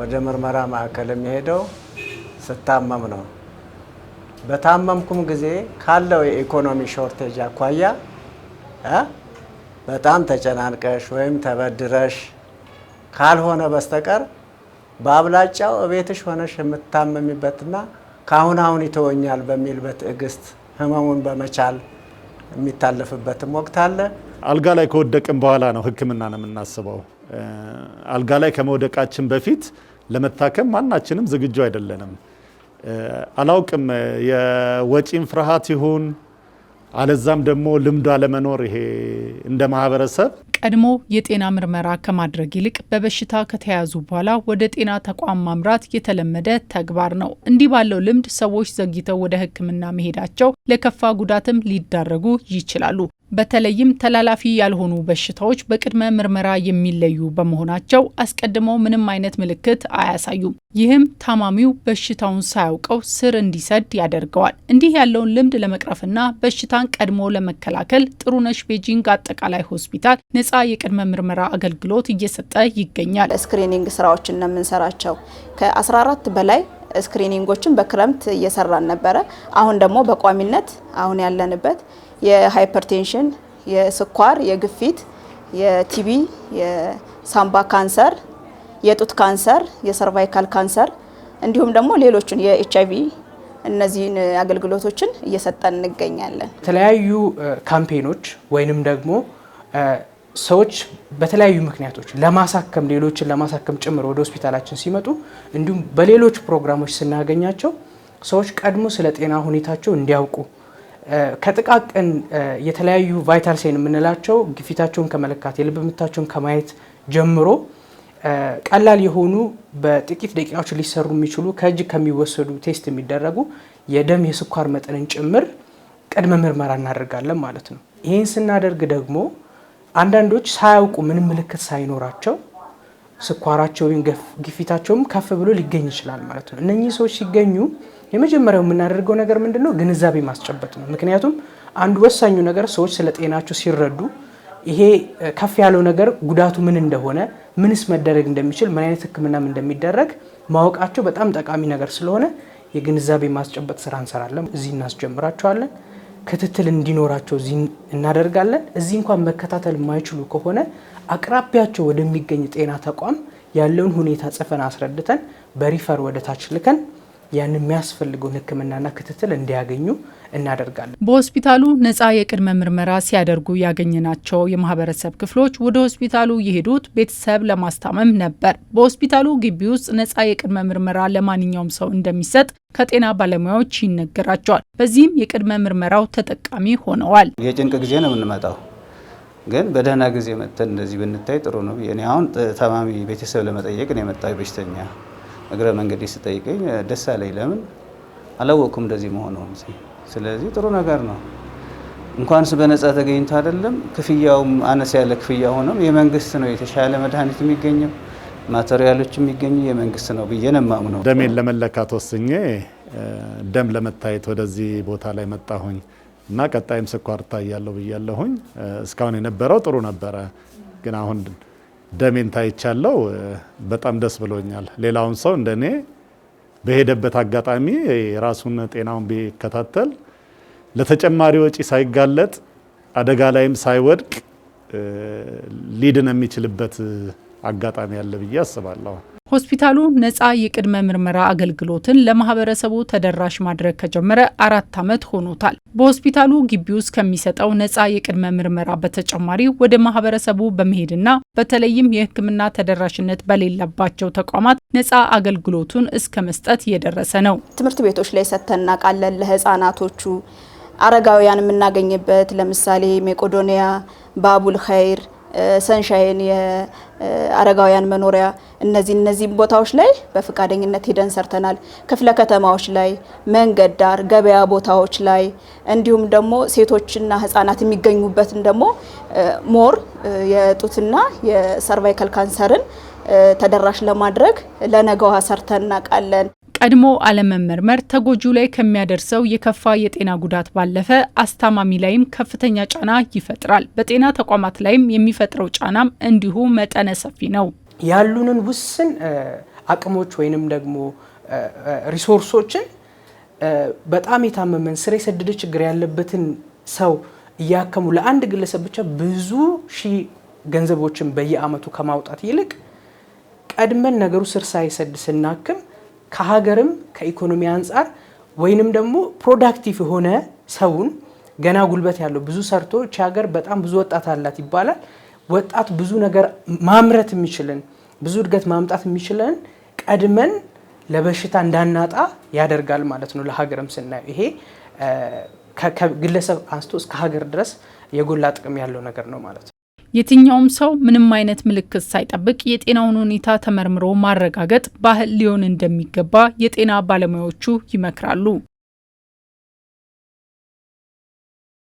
ወደ ምርመራ ማዕከል የሚሄደው ስታመም ነው። በታመምኩም ጊዜ ካለው የኢኮኖሚ ሾርቴጅ አኳያ በጣም ተጨናንቀሽ ወይም ተበድረሽ ካልሆነ በስተቀር በአብላጫው እቤትሽ ሆነሽ የምታመሚበትና ከአሁን አሁን ይተወኛል በሚል በትዕግስት ህመሙን በመቻል የሚታለፍበትም ወቅት አለ። አልጋ ላይ ከወደቅም በኋላ ነው ነው የምናስበው። አልጋ ላይ ከመውደቃችን በፊት ለመታከም ማናችንም ዝግጁ አይደለንም። አላውቅም የወጪም ፍርሃት ይሁን አለዛም ደግሞ ልምዱ አለመኖር ይሄ እንደ ማህበረሰብ ቀድሞ የጤና ምርመራ ከማድረግ ይልቅ በበሽታ ከተያዙ በኋላ ወደ ጤና ተቋም ማምራት የተለመደ ተግባር ነው። እንዲህ ባለው ልምድ ሰዎች ዘግይተው ወደ ሕክምና መሄዳቸው ለከፋ ጉዳትም ሊዳረጉ ይችላሉ። በተለይም ተላላፊ ያልሆኑ በሽታዎች በቅድመ ምርመራ የሚለዩ በመሆናቸው አስቀድመው ምንም አይነት ምልክት አያሳዩም። ይህም ታማሚው በሽታውን ሳያውቀው ስር እንዲሰድ ያደርገዋል። እንዲህ ያለውን ልምድ ለመቅረፍና በሽታን ቀድሞ ለመከላከል ጥሩነሽ ቤጂንግ አጠቃላይ ሆስፒታል ነጻ የቅድመ ምርመራ አገልግሎት እየሰጠ ይገኛል። ስክሪኒንግ ስራዎችን ነው የምንሰራቸው ከ14 በላይ ስክሪኒንጎችን በክረምት እየሰራን ነበረ። አሁን ደግሞ በቋሚነት አሁን ያለንበት የሃይፐርቴንሽን፣ የስኳር፣ የግፊት፣ የቲቢ፣ የሳምባ ካንሰር፣ የጡት ካንሰር፣ የሰርቫይካል ካንሰር እንዲሁም ደግሞ ሌሎችን የኤች አይቪ እነዚህን አገልግሎቶችን እየሰጠን እንገኛለን። የተለያዩ ካምፔኖች ወይንም ደግሞ ሰዎች በተለያዩ ምክንያቶች ለማሳከም ሌሎችን ለማሳከም ጭምር ወደ ሆስፒታላችን ሲመጡ እንዲሁም በሌሎች ፕሮግራሞች ስናገኛቸው ሰዎች ቀድሞ ስለ ጤና ሁኔታቸው እንዲያውቁ ከጥቃቅን የተለያዩ ቫይታል ሳይን የምንላቸው ግፊታቸውን ከመለካት የልብ ምታቸውን ከማየት ጀምሮ ቀላል የሆኑ በጥቂት ደቂቃዎች ሊሰሩ የሚችሉ ከእጅ ከሚወሰዱ ቴስት የሚደረጉ የደም የስኳር መጠንን ጭምር ቅድመ ምርመራ እናደርጋለን ማለት ነው። ይህን ስናደርግ ደግሞ አንዳንዶች ሳያውቁ ምንም ምልክት ሳይኖራቸው ስኳራቸው ወይም ግፊታቸውም ከፍ ብሎ ሊገኝ ይችላል ማለት ነው። እነኚህ ሰዎች ሲገኙ የመጀመሪያው የምናደርገው ነገር ምንድን ነው? ግንዛቤ ማስጨበጥ ነው። ምክንያቱም አንዱ ወሳኙ ነገር ሰዎች ስለ ጤናቸው ሲረዱ ይሄ ከፍ ያለው ነገር ጉዳቱ ምን እንደሆነ፣ ምንስ መደረግ እንደሚችል፣ ምን አይነት ሕክምናም እንደሚደረግ ማወቃቸው በጣም ጠቃሚ ነገር ስለሆነ የግንዛቤ ማስጨበጥ ስራ እንሰራለን። እዚህ እናስጀምራቸዋለን። ክትትል እንዲኖራቸው እዚህ እናደርጋለን። እዚህ እንኳን መከታተል የማይችሉ ከሆነ አቅራቢያቸው ወደሚገኝ ጤና ተቋም ያለውን ሁኔታ ጽፈን አስረድተን በሪፈር ወደ ታች ልከን ያን የሚያስፈልገውን ሕክምናና ክትትል እንዲያገኙ እናደርጋለን። በሆስፒታሉ ነጻ የቅድመ ምርመራ ሲያደርጉ ያገኘናቸው የማህበረሰብ ክፍሎች ወደ ሆስፒታሉ የሄዱት ቤተሰብ ለማስታመም ነበር። በሆስፒታሉ ግቢ ውስጥ ነጻ የቅድመ ምርመራ ለማንኛውም ሰው እንደሚሰጥ ከጤና ባለሙያዎች ይነገራቸዋል። በዚህም የቅድመ ምርመራው ተጠቃሚ ሆነዋል። የጭንቅ ጊዜ ነው የምንመጣው፣ ግን በደህና ጊዜ መጥተን እንደዚህ ብንታይ ጥሩ ነው። እኔ አሁን ታማሚ ቤተሰብ ለመጠየቅ ነው የመጣ በሽተኛ እግረ መንገዴ ስጠይቀኝ ደስ አለኝ። ለምን አላወቅኩም እንደዚህ መሆኑ። ስለዚህ ጥሩ ነገር ነው። እንኳንስ በነፃ ተገኝቶ አይደለም ክፍያውም አነስ ያለ ክፍያ ሆኖም የመንግስት ነው የተሻለ መድኃኒት የሚገኘው ማቴሪያሎች የሚገኙ የመንግስት ነው ብዬ ነው ደሜን ለመለካት ወስኜ ደም ለመታየት ወደዚህ ቦታ ላይ መጣሁኝ እና ቀጣይም ስኳር እታያለሁ ብያለሁኝ። እስካሁን የነበረው ጥሩ ነበረ፣ ግን አሁን ደሜን ታይቻለው። በጣም ደስ ብሎኛል። ሌላውን ሰው እንደኔ በሄደበት አጋጣሚ የራሱን ጤናውን ቢከታተል ለተጨማሪ ወጪ ሳይጋለጥ አደጋ ላይም ሳይወድቅ ሊድን የሚችልበት አጋጣሚ አለ ብዬ አስባለሁ። ሆስፒታሉ ነፃ የቅድመ ምርመራ አገልግሎትን ለማህበረሰቡ ተደራሽ ማድረግ ከጀመረ አራት ዓመት ሆኖታል። በሆስፒታሉ ግቢ ውስጥ ከሚሰጠው ነፃ የቅድመ ምርመራ በተጨማሪ ወደ ማህበረሰቡ በመሄድና በተለይም የሕክምና ተደራሽነት በሌለባቸው ተቋማት ነፃ አገልግሎቱን እስከ መስጠት እየደረሰ ነው። ትምህርት ቤቶች ላይ ሰጥተን እናውቃለን። ለህፃናቶቹ አረጋውያን የምናገኝበት ለምሳሌ ሜቆዶኒያ፣ ባቡል ኸይር ሰንሻይን የአረጋውያን መኖሪያ እነዚህ እነዚህ ቦታዎች ላይ በፈቃደኝነት ሄደን ሰርተናል። ክፍለ ከተማዎች ላይ፣ መንገድ ዳር፣ ገበያ ቦታዎች ላይ እንዲሁም ደግሞ ሴቶችና ህጻናት የሚገኙበትን ደግሞ ሞር የጡትና የሰርቫይካል ካንሰርን ተደራሽ ለማድረግ ለነገዋ ሰርተን እናውቃለን። ቀድሞ አለመመርመር ተጎጂው ላይ ከሚያደርሰው የከፋ የጤና ጉዳት ባለፈ አስታማሚ ላይም ከፍተኛ ጫና ይፈጥራል። በጤና ተቋማት ላይም የሚፈጥረው ጫናም እንዲሁ መጠነ ሰፊ ነው። ያሉንን ውስን አቅሞች ወይንም ደግሞ ሪሶርሶችን በጣም የታመመን ስር የሰደደ ችግር ያለበትን ሰው እያከሙ ለአንድ ግለሰብ ብቻ ብዙ ሺህ ገንዘቦችን በየአመቱ ከማውጣት ይልቅ ቀድመን ነገሩ ስር ሳይሰድ ስናክም ከሀገርም ከኢኮኖሚ አንጻር ወይንም ደግሞ ፕሮዳክቲቭ የሆነ ሰውን ገና ጉልበት ያለው ብዙ ሰርቶ እቺ ሀገር በጣም ብዙ ወጣት አላት ይባላል። ወጣት ብዙ ነገር ማምረት የሚችልን ብዙ እድገት ማምጣት የሚችልን ቀድመን ለበሽታ እንዳናጣ ያደርጋል ማለት ነው። ለሀገርም ስናየው ይሄ ከግለሰብ አንስቶ እስከ ሀገር ድረስ የጎላ ጥቅም ያለው ነገር ነው ማለት ነው። የትኛውም ሰው ምንም አይነት ምልክት ሳይጠብቅ የጤናውን ሁኔታ ተመርምሮ ማረጋገጥ ባህል ሊሆን እንደሚገባ የጤና ባለሙያዎቹ ይመክራሉ።